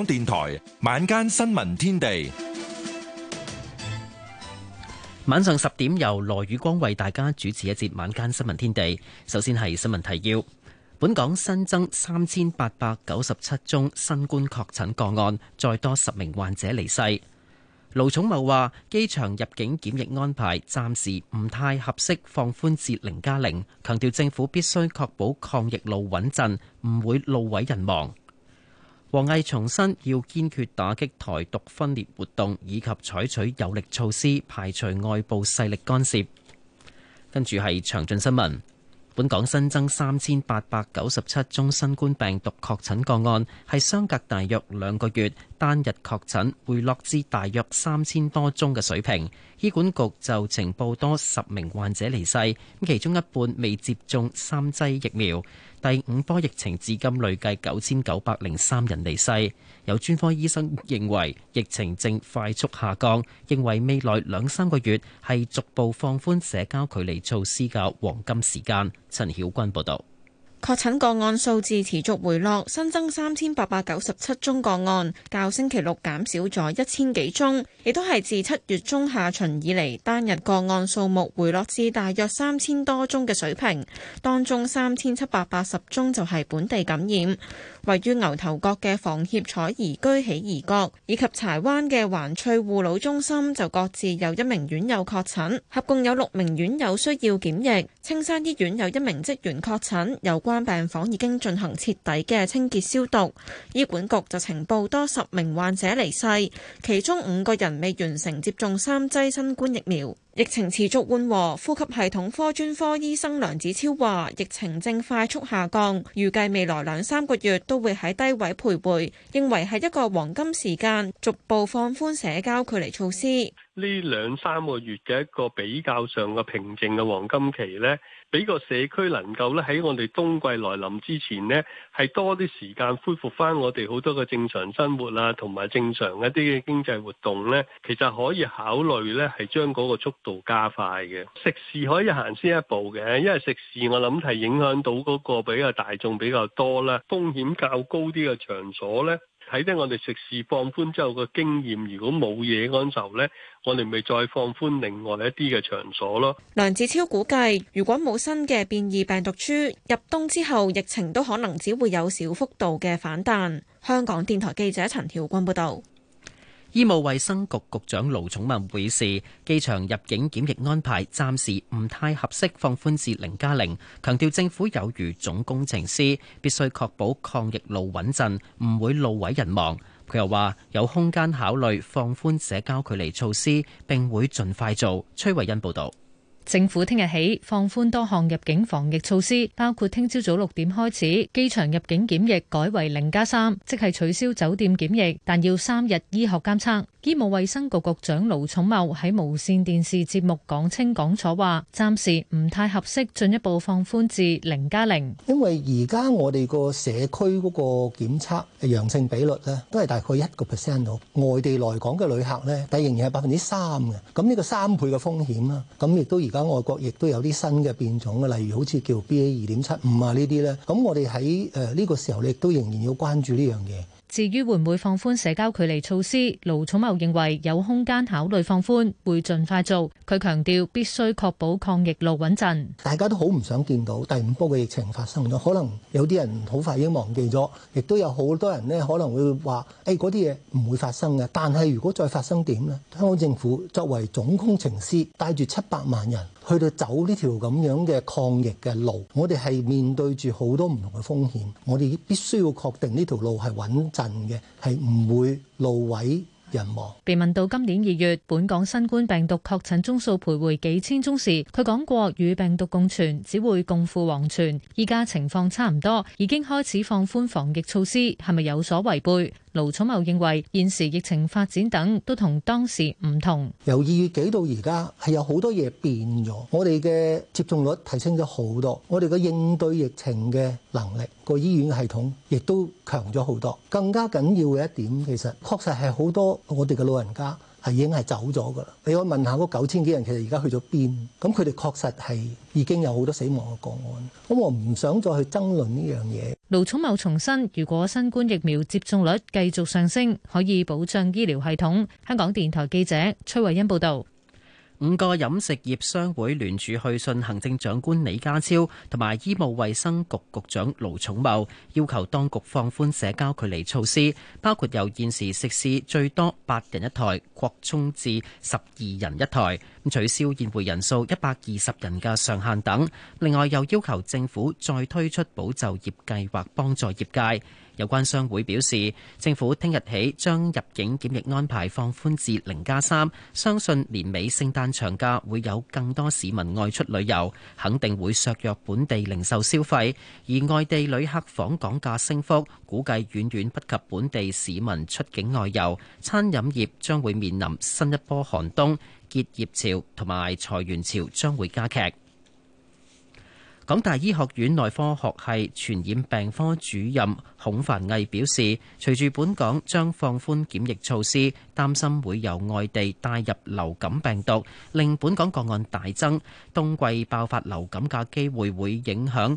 港電台晚間新聞天地，晚上十點由羅宇光為大家主持一節晚間新聞天地。首先係新聞提要，本港新增三千八百九十七宗新冠確診個案，再多十名患者離世。盧寵茂話：機場入境檢疫安排暫時唔太合適，放寬至零加零。強調政府必須確保抗疫路穩陣，唔會路毀人亡。王毅重申要堅決打擊台獨分裂活動，以及採取有力措施排除外部勢力干涉。跟住係詳盡新聞，本港新增三千八百九十七宗新冠病毒確診個案，係相隔大約兩個月單日確診回落至大約三千多宗嘅水平。醫管局就呈報多十名患者離世，其中一半未接種三劑疫苗。第五波疫情至今累計九千九百零三人離世。有專科醫生認為疫情正快速下降，認為未來兩三個月係逐步放寬社交距離措施嘅黃金時間。陳曉君報道。確診個案數字持續回落，新增三千八百九十七宗個案，較星期六減少咗一千幾宗，亦都係自七月中下旬以嚟單日個案數目回落至大約三千多宗嘅水平。當中三千七百八十宗就係本地感染。位於牛頭角嘅房協彩頤居喜頤閣以及柴灣嘅環翠護老中心就各自有一名院友確診，合共有六名院友需要檢疫。青山醫院有一名職員確診，有關病房已經進行徹底嘅清潔消毒。醫管局就呈報多十名患者離世，其中五個人未完成接種三劑新冠疫苗。疫情持續緩和，呼吸系統科專科醫生梁子超話：疫情正快速下降，預計未來兩三個月都會喺低位徘徊，認為係一個黃金時間，逐步放寬社交距離措施。呢兩三個月嘅一個比較上嘅平靜嘅黃金期呢，俾個社區能夠咧喺我哋冬季來臨之前呢，係多啲時間恢復翻我哋好多嘅正常生活啊，同埋正常一啲嘅經濟活動呢，其實可以考慮呢係將嗰個速度加快嘅。食肆可以行先一步嘅，因為食肆我諗係影響到嗰個比較大眾比較多咧，風險較高啲嘅場所呢。睇啲我哋食肆放寬之後個經驗，如果冇嘢，安就咧，我哋咪再放寬另外一啲嘅場所咯。梁子超估計，如果冇新嘅變異病毒株入冬之後，疫情都可能只會有小幅度嘅反彈。香港電台記者陳曉君報道。醫務衛生局局長盧寵茂表示，機場入境檢疫安排暫時唔太合適放寬至零加零，強調政府有如總工程師，必須確保抗疫路穩陣，唔會路毀人亡。佢又話有空間考慮放寬社交距離措施，並會盡快做。崔慧恩報道。政府聽日起放寬多項入境防疫措施，包括聽朝早六點開始，機場入境檢疫改為零加三，即係取消酒店檢疫，但要三日醫學監測。醫務衛生局局長盧寵茂喺無線電視節目講清講楚話，暫時唔太合適進一步放寬至零加零。因為而家我哋個社區嗰個檢測陽性比率咧，都係大概一個 percent 度。外地來港嘅旅客呢，但仍然係百分之三嘅。咁呢個三倍嘅風險啦。咁亦都而家外國亦都有啲新嘅變種，例如好似叫 BA 二點七五啊呢啲咧。咁我哋喺誒呢個時候你亦都仍然要關注呢樣嘢。至於會唔會放寬社交距離措施？盧寵茂認為有空間考慮放寬，會盡快做。佢強調必須確保抗疫路穩陣。大家都好唔想見到第五波嘅疫情發生咗，可能有啲人好快已經忘記咗，亦都有好多人呢可能會話：誒嗰啲嘢唔會發生嘅。但係如果再發生點呢？香港政府作為總工程師，帶住七百萬人。去到走呢條咁樣嘅抗疫嘅路，我哋係面對住好多唔同嘅風險，我哋必須要確定呢條路係穩陣嘅，係唔會路毀人亡。被問到今年二月本港新冠病毒確診宗數徘徊幾千宗時，佢講過與病毒共存只會共赴黃泉。依家情況差唔多，已經開始放寬防疫措施，係咪有所違背？盧楚茂認為，現時疫情發展等都同當時唔同。由二月幾到而家，係有好多嘢變咗。我哋嘅接種率提升咗好多，我哋嘅應對疫情嘅能力，個醫院系統亦都強咗好多。更加緊要嘅一點，其實確實係好多我哋嘅老人家。係已經係走咗㗎喇！你去問下嗰九千幾人，其實而家去咗邊？咁佢哋確實係已經有好多死亡嘅個案。咁我唔想再去爭論呢樣嘢。盧寵茂重申，如果新冠疫苗接種率繼續上升，可以保障醫療系統。香港電台記者崔慧欣報道。五個飲食業商會聯署去信行政長官李家超同埋醫務衛生局局長盧寵茂，要求當局放寬社交距離措施，包括由現時食肆最多八人一台擴充至十二人一台，取消宴會人數一百二十人嘅上限等。另外又要求政府再推出保就業計劃，幫助業界。有關商會表示，政府聽日起將入境檢疫安排放寬至零加三，相信年尾聖誕長假會有更多市民外出旅遊，肯定會削弱本地零售消費，而外地旅客訪港價升幅，估計遠遠不及本地市民出境外遊，餐飲業將會面臨新一波寒冬，結業潮同埋裁員潮將會加劇。港大醫學院內科學系傳染病科主任孔凡毅表示，隨住本港將放寬檢疫措施，擔心會由外地帶入流感病毒，令本港個案大增，冬季爆發流感嘅機會會影響。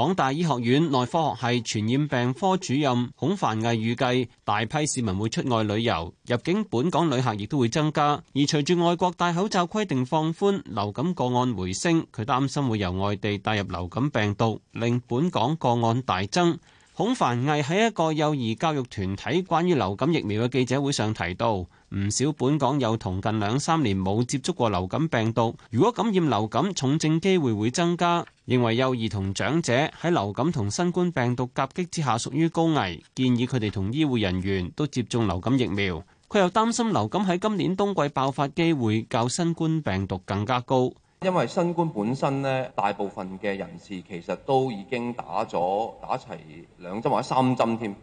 港大醫學院內科學系傳染病科主任孔凡毅預計，大批市民會出外旅遊，入境本港旅客亦都會增加。而隨住外國戴口罩規定放寬，流感個案回升，佢擔心會由外地帶入流感病毒，令本港個案大增。孔凡毅喺一個幼兒教育團體關於流感疫苗嘅記者會上提到。唔少本港幼童近兩三年冇接觸過流感病毒，如果感染流感，重症機會會增加。認為幼兒同長者喺流感同新冠病毒夾擊之下，屬於高危，建議佢哋同醫護人員都接種流感疫苗。佢又擔心流感喺今年冬季爆發機會較新冠病毒更加高，因為新冠本身呢，大部分嘅人士其實都已經打咗打齊兩針或者三針添。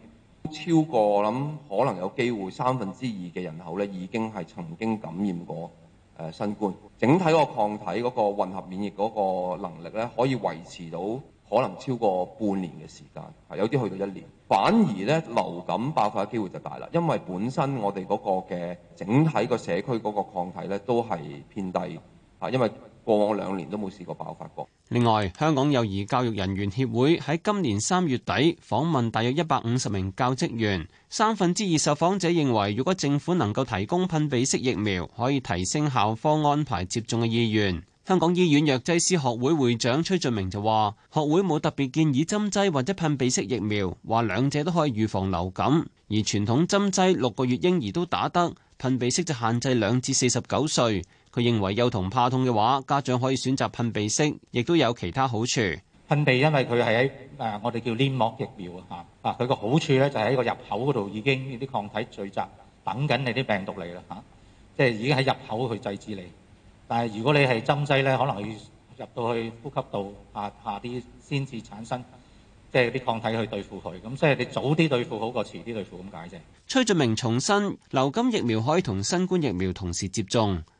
超過我諗可能有機會三分之二嘅人口咧，已經係曾經感染過誒、呃、新冠，整體個抗體嗰個混合免疫嗰個能力咧，可以維持到可能超過半年嘅時間，係有啲去到一年。反而咧流感爆發嘅機會就大啦，因為本身我哋嗰個嘅整體個社區嗰個抗體咧都係偏低，啊，因為。過往兩年都冇試過爆發過。另外，香港幼兒教育人員協會喺今年三月底訪問大約一百五十名教職員，三分之二受訪者認為，如果政府能夠提供噴鼻式疫苗，可以提升校方安排接種嘅意願。香港醫院藥劑師學會，會會長崔俊明就話：學會冇特別建議針劑或者噴鼻式疫苗，話兩者都可以預防流感，而傳統針劑六個月嬰兒都打得，噴鼻式就限制兩至四十九歲。佢認為幼童怕痛嘅話，家長可以選擇噴鼻式，亦都有其他好處。噴鼻，因為佢係喺誒我哋叫黏膜疫苗啊，嚇啊，佢個好處咧就喺個入口嗰度已經啲抗體聚集，等緊你啲病毒嚟啦嚇，即係已經喺入口去制止你。但係如果你係針劑咧，可能要入到去呼吸道下下啲先至產生即係啲抗體去對付佢。咁所以你早啲對付好過遲啲對付咁解啫。崔俊明重申，流感疫苗可以同新冠疫苗同時接種。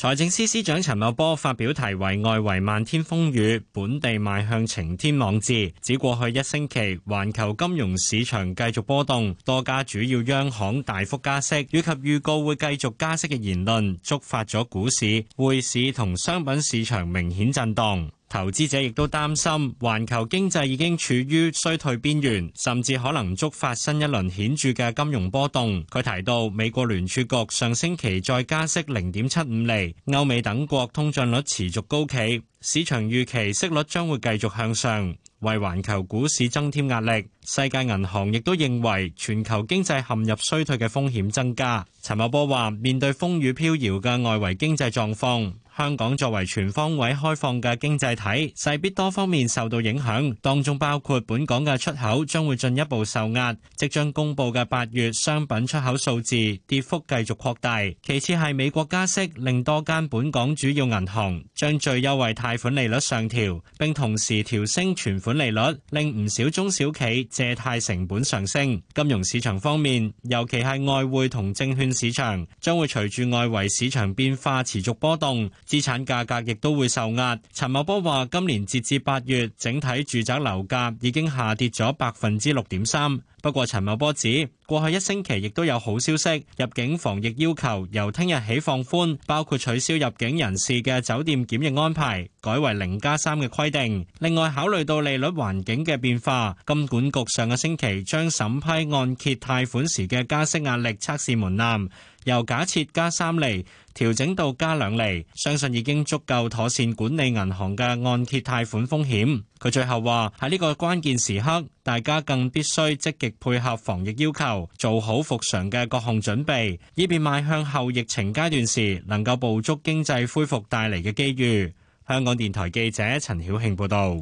財政司司長陳茂波發表題為《外圍漫天風雨，本地邁向晴天》網誌，指過去一星期，環球金融市場繼續波動，多家主要央行大幅加息，以及預告會繼續加息嘅言論，觸發咗股市、匯市同商品市場明顯震盪。投資者亦都擔心，環球經濟已經處於衰退邊緣，甚至可能觸發新一輪顯著嘅金融波動。佢提到，美國聯儲局上星期再加息零點七五厘，歐美等國通脹率持續高企，市場預期息率將會繼續向上，為環球股市增添壓力。世界銀行亦都認為全球經濟陷入衰退嘅風險增加。陳茂波話，面對風雨飄搖嘅外圍經濟狀況，香港作為全方位開放嘅經濟體，勢必多方面受到影響，當中包括本港嘅出口將會進一步受壓。即將公布嘅八月商品出口數字跌幅繼續擴大。其次係美國加息，令多間本港主要銀行將最優惠貸款利率上調，並同時調升存款利率，令唔少中小企借貸成本上升。金融市場方面，尤其係外匯同證券市場，將會隨住外圍市場變化持續波動。資產價格亦都會受壓。陳茂波話：今年截至八月，整體住宅樓價已經下跌咗百分之六點三。不過陳茂波指，過去一星期亦都有好消息，入境防疫要求由聽日起放寬，包括取消入境人士嘅酒店檢疫安排，改為零加三嘅規定。另外考慮到利率環境嘅變化，金管局上個星期將審批按揭貸款時嘅加息壓力測試門檻，由假設加三厘調整到加兩厘，相信已經足夠妥善管理銀行嘅按揭貸款風險。佢最後話，喺呢個關鍵時刻，大家更必須積極，配合防疫要求，做好復常嘅各項準備，以便邁向後疫情階段時，能夠捕捉經濟恢復帶嚟嘅機遇。香港電台記者陳曉慶報道。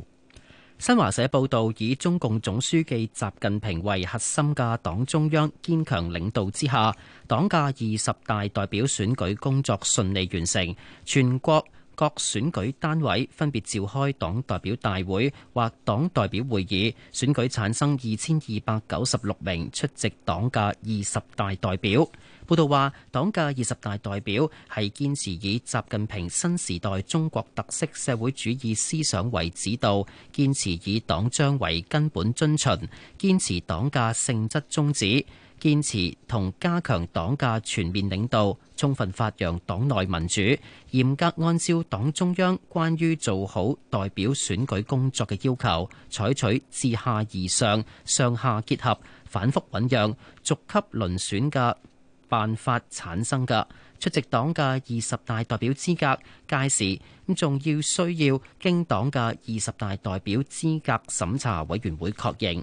新華社報道，以中共總書記習近平為核心嘅黨中央堅強領導之下，黨嘅二十大代表選舉工作順利完成，全國。各選舉單位分別召開黨代表大會或黨代表會議，選舉產生二千二百九十六名出席黨嘅二十大代表。報道話，黨嘅二十大代表係堅持以習近平新時代中國特色社會主義思想為指導，堅持以黨章為根本遵循，堅持黨嘅性質宗旨。堅持同加強黨嘅全面領導，充分發揚黨內民主，嚴格按照黨中央關於做好代表選舉工作嘅要求，採取自下而上、上下結合、反覆醞釀、逐級輪選嘅辦法產生嘅，出席黨嘅二十大代表資格，屆時咁仲要需要經黨嘅二十大代表資格審查委員會確認。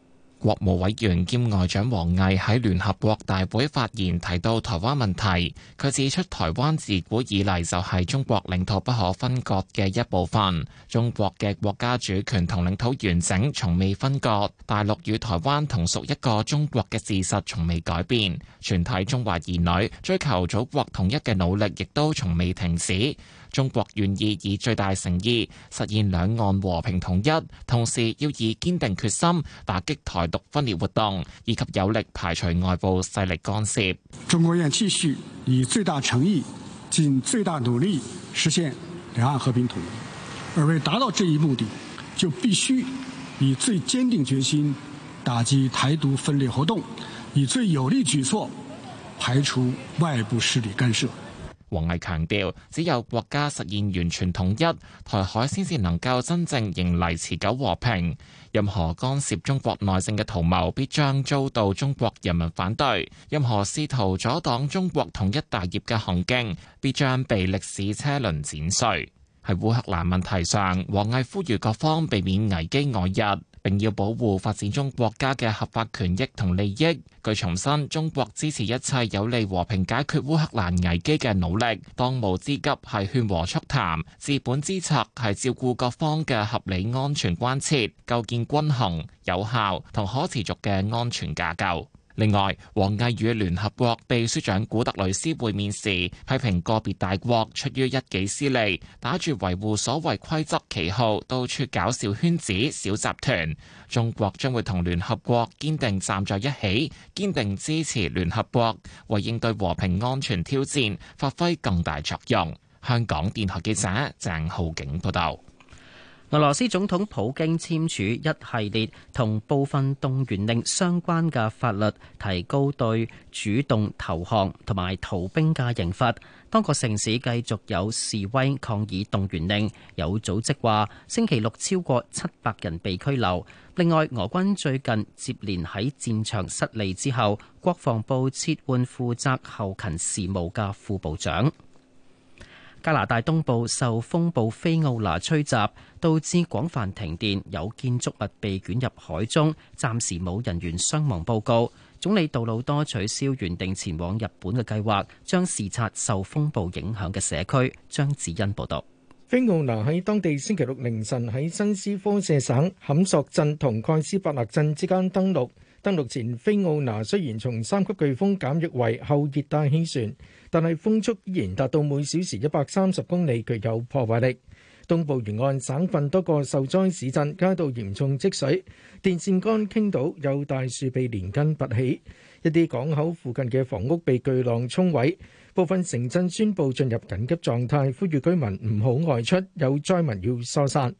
國務委員兼外長王毅喺聯合國大會發言提到台灣問題，佢指出台灣自古以來就係中國領土不可分割嘅一部分，中國嘅國家主權同領土完整從未分割，大陸與台灣同屬一個中國嘅事實從未改變，全體中華兒女追求祖國統一嘅努力亦都從未停止。中國願意以最大誠意實現兩岸和平統一，同時要以堅定決心打擊台。獨分裂活動，以及有力排除外部勢力干涉。中國願繼續以最大誠意、盡最大努力實現兩岸和平統一，而為達到這一目的，就必須以最堅定決心打擊台獨分裂活動，以最有力舉措排除外部勢力干涉。王毅強調，只有國家實現完全統一，台海先至能夠真正迎嚟持久和平。任何干涉中國內政嘅圖謀，必將遭到中國人民反對；任何試圖阻擋中國統一大業嘅行徑，必將被歷史車輪碾碎。喺烏克蘭問題上，王毅呼籲各方避免危機外溢。並要保護發展中國家嘅合法權益同利益。據重申，中國支持一切有利和平解決烏克蘭危機嘅努力。當務之急係勸和促談，治本之策係照顧各方嘅合理安全關切，構建均衡、有效同可持續嘅安全架構。另外，王毅與聯合國秘書長古特雷斯會面時，批評個別大國出於一己私利，打着維護所謂規則旗號，到處搞小圈子、小集團。中國將會同聯合國堅定站在一起，堅定支持聯合國為應對和平安全挑戰發揮更大作用。香港電台記者鄭浩景報道。俄羅斯總統普京簽署一系列同部分動員令相關嘅法律，提高對主動投降同埋逃兵嘅刑罰。多個城市繼續有示威抗議動員令，有組織話星期六超過七百人被拘留。另外，俄軍最近接連喺戰場失利之後，國防部撤換負責後勤事務嘅副部長。加拿大東部受風暴菲奧拿吹襲，導致廣泛停電，有建築物被捲入海中，暫時冇人員傷亡報告。總理杜魯多取消原定前往日本嘅計劃，將視察受風暴影響嘅社區。張子欣報導。菲奧拿喺當地星期六凌晨喺新斯科舍省坎索鎮同蓋斯伯勒鎮之間登陸。登陸前，菲奧拿雖然從三級颶風減弱為後熱帶氣旋，但係風速依然達到每小時一百三十公里，具有破壞力。東部沿岸省份多個受災市鎮街道嚴重積水，電線杆傾倒，有大樹被連根拔起。一啲港口附近嘅房屋被巨浪沖毀，部分城鎮宣布進入緊急狀態，呼籲居民唔好外出，有災民要疏散。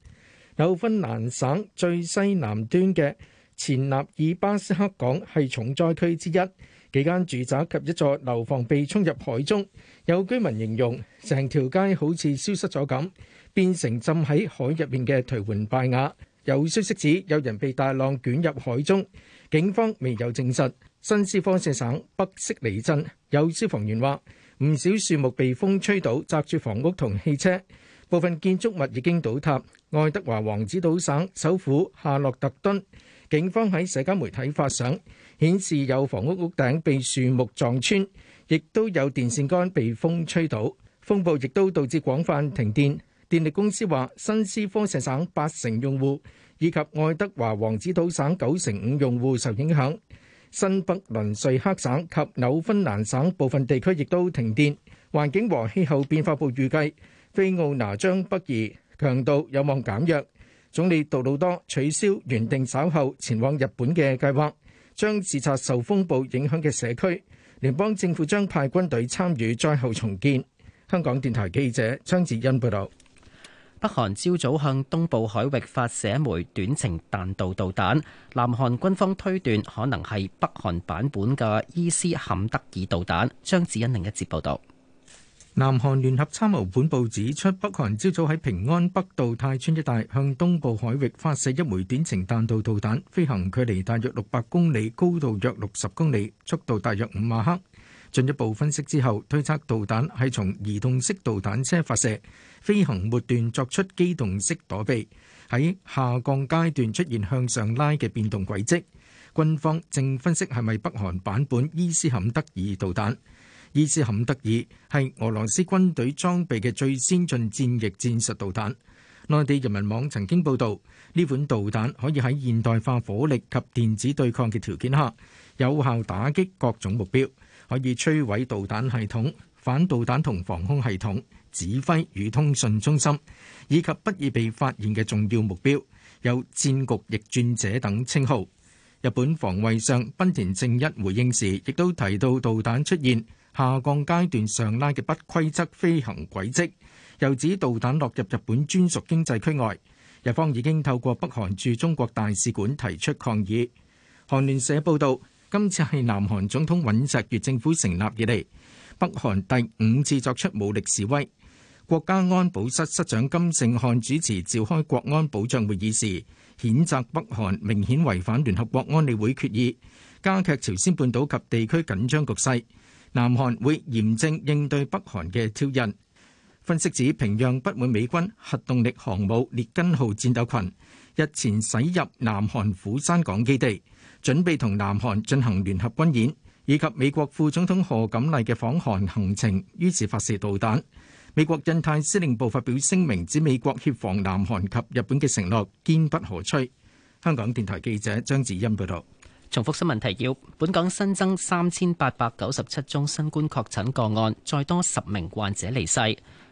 有芬蘭省最西南端嘅前納爾巴斯克港係重災區之一。幾間住宅及一座樓房被沖入海中，有居民形容成條街好似消失咗咁，變成浸喺海入面嘅頹垣敗瓦。有消息指有人被大浪捲入海中，警方未有證實。新斯科舍省北色尼鎮有消防員話，唔少樹木被風吹倒，砸住房屋同汽車，部分建築物已經倒塌。愛德華王子島省首府夏洛特敦警方喺社交媒體發相。顯示有房屋屋頂被樹木撞穿，亦都有電線杆被風吹倒。風暴亦都導致廣泛停電。電力公司話，新斯科舍省八成用戶以及愛德華王子島省九成五用戶受影響。新不倫瑞克省及紐芬蘭省部分地區亦都停電。環境和氣候變化部預計，菲奧拿將北移，強度有望減弱。總理杜魯多取消原定稍後前往日本嘅計劃。將視察受風暴影響嘅社區，聯邦政府將派軍隊參與災後重建。香港電台記者張子欣報道。北韓朝早向東部海域發射一枚短程彈道導彈，南韓軍方推斷可能係北韓版本嘅伊斯坎德爾導彈。張子欣另一節報道。南韓聯合參謀本部指出，北韓朝早喺平安北道泰川一帶向東部海域發射一枚短程彈道導彈，飛行距離大約六百公里，高度約六十公里，速度大約五馬赫。進一步分析之後，推測導彈係從移動式導彈車發射，飛行末段作出機動式躲避，喺下降階段出現向上拉嘅變動軌跡。軍方正分析係咪北韓版本伊斯坎德爾導彈。伊斯坎德爾係俄羅斯軍隊裝備嘅最先進戰役戰術導彈。內地人民網曾經報道，呢款導彈可以喺現代化火力及電子對抗嘅條件下，有效打擊各種目標，可以摧毀導彈系統、反導彈同防空系統、指揮與通訊中心，以及不易被發現嘅重要目標，有戰局逆轉者等稱號。日本防衛相賓田正一回應時，亦都提到導彈出現。下降階段上拉嘅不規則飛行軌跡，又指導彈落入日本專屬經濟區外，日方已經透過北韓駐中國大使館提出抗議。韓聯社報導，今次係南韓總統尹錫悅政府成立以嚟北韓第五次作出武力示威。國家安保室室長金正漢主持召開國安保障會議時，譴責北韓明顯違反聯合國安理會決議，加劇朝鮮半島及地區緊張局勢。南韓會嚴正應對北韓嘅挑釁。分析指，平壤不滿美軍核動力航母列根號戰鬥群日前駛入南韓釜山港基地，準備同南韓進行聯合軍演，以及美國副總統何錦麗嘅訪韓行程，於是發射導彈。美國印太司令部發表聲明，指美國協防南韓及日本嘅承諾堅不可摧。香港電台記者張子欣報道。重複新聞提要：本港新增三千八百九十七宗新冠確診個案，再多十名患者離世。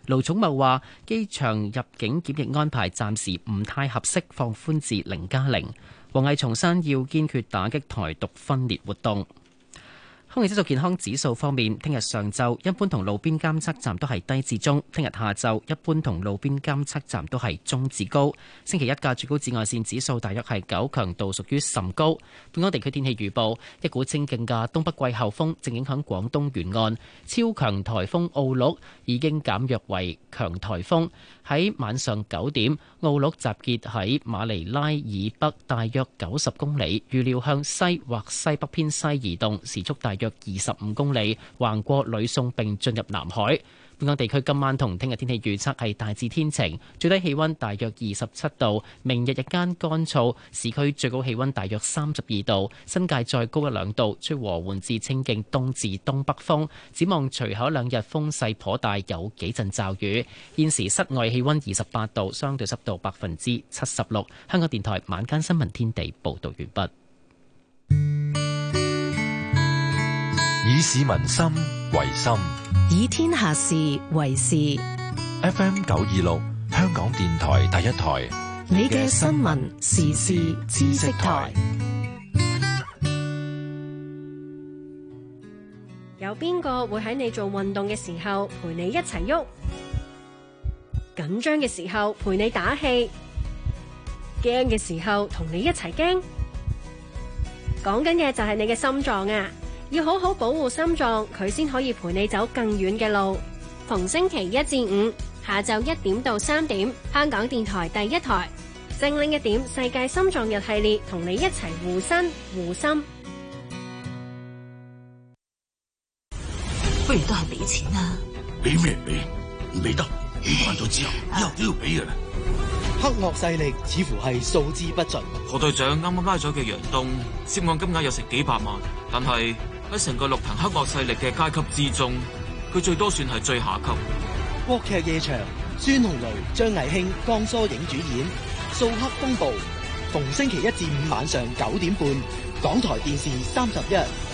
盧寵茂話：機場入境檢疫安排暫時唔太合適，放寬至零加零。王毅重申要堅決打擊台獨分裂活動。空氣質素健康指數方面，聽日上晝一般同路邊監測站都係低至中；聽日下晝一般同路邊監測站都係中至高。星期一嘅最高紫外線指數大約係九，強度屬於甚高。本港地區天氣預報：一股清勁嘅東北季候風正影響廣東沿岸，超強颱風奧鹿已經減弱為強颱風。喺晚上九點，奧鹿集結喺馬尼拉以北大約九十公里，預料向西或西北偏西移動，時速大約。二十五公里橫過呂宋並進入南海。本港地區今晚同聽日天氣預測係大致天晴，最低氣溫大約二十七度。明日日間乾燥，市區最高氣溫大約三十二度，新界再高一兩度，吹和緩至清勁東至東北風。展望隨後兩日風勢頗大，有幾陣驟雨。現時室外氣溫二十八度，相對濕度百分之七十六。香港電台晚間新聞天地報道完畢。以市民心為心，以天下事為事。FM 九二六，香港電台第一台，你嘅新聞時事知識台。有邊個會喺你做運動嘅時候陪你一齊喐？緊張嘅時候陪你打氣，驚嘅時候同你一齊驚。講緊嘅就係你嘅心臟啊！要好好保護心臟，佢先可以陪你走更遠嘅路。逢星期一至五下晝一點到三點，香港電台第一台正拎《一點世界心臟日系列》，同你一齊護身護心。不如都係俾錢啦，俾咩俾？唔俾得，俾完咗之後， 以後都要俾啊！黑惡勢力似乎係數之不盡。何隊長啱啱拉咗嘅楊東涉案金額有成幾百萬，但係。喺成個綠藤黑惡勢力嘅階級之中，佢最多算係最下級。國劇夜場，孫紅雷、張藝興、江疏影主演《掃黑風暴》，逢星期一至五晚上九點半，港台電視三十一。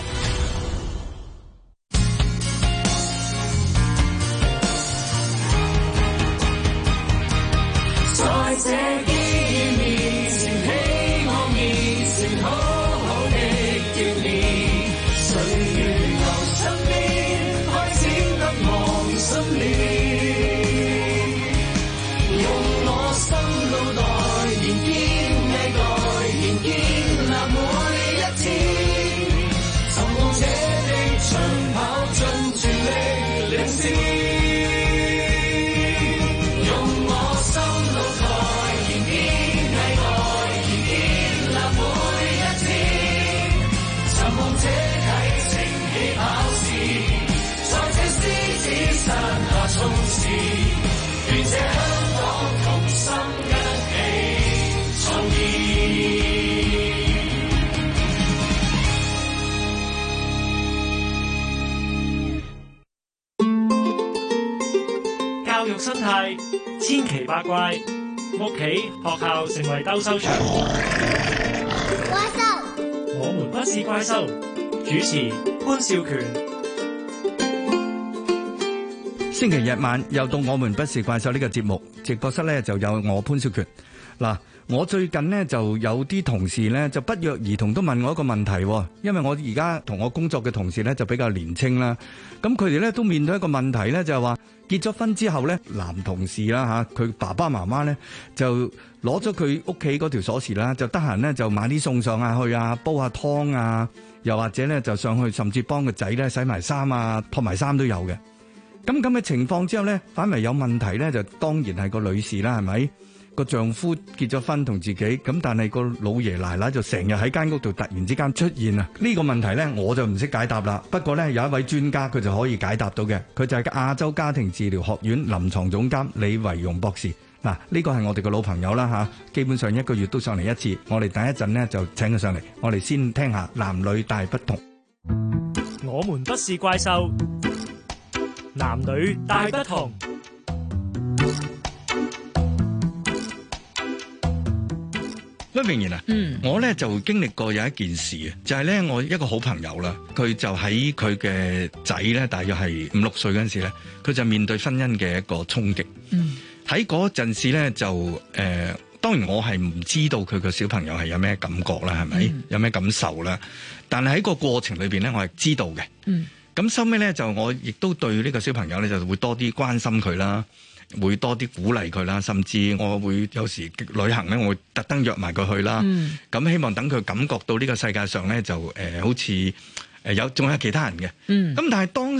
千奇百怪，屋企學校成為鬥獸場。 怪獸，我們不是怪獸。主持潘少權。星期日晚又到我們不是怪獸呢個節目，直播室咧就有我潘少權嗱。我最近咧就有啲同事咧就不約而同都問我一個問題，因為我而家同我工作嘅同事咧就比較年青啦，咁佢哋咧都面對一個問題咧，就係話結咗婚之後咧，男同事啦嚇，佢爸爸媽媽咧就攞咗佢屋企嗰條鎖匙啦，就得閒咧就買啲餸上下去啊，煲下湯啊，又或者咧就上去甚至幫個仔咧洗埋衫啊、脫埋衫都有嘅。咁咁嘅情況之後咧，反而有問題咧，就當然係個女士啦，係咪？.個丈夫結咗婚同自己，咁但係個老爺奶奶就成日喺間屋度突然之間出現啊！呢個問題呢我就唔識解答啦。不過呢有一位專家佢就可以解答到嘅，佢就係亞洲家庭治療學院臨床總監李維榮博士。嗱，呢個係我哋個老朋友啦吓，基本上一個月都上嚟一次。我哋等一陣呢就請佢上嚟，我哋先聽下男女大不同。我們不是怪獸，男女大不同。咁啊，仍然啊，我咧就經歷過有一件事嘅，就係、是、咧我一個好朋友啦，佢就喺佢嘅仔咧，大約係五六歲嗰陣時咧，佢就面對婚姻嘅一個衝擊。嗯，喺嗰陣時咧就誒、呃，當然我係唔知道佢個小朋友係有咩感覺啦，係咪有咩感受啦？但係喺個過程裏邊咧，我係知道嘅。嗯，咁收尾咧就我亦都對呢個小朋友咧就會多啲關心佢啦。會多啲鼓勵佢啦，甚至我會有時旅行咧，我會特登約埋佢去啦。咁希望等佢感覺到呢個世界上咧，就、呃、誒好似誒有仲有其他人嘅。咁、嗯、但係當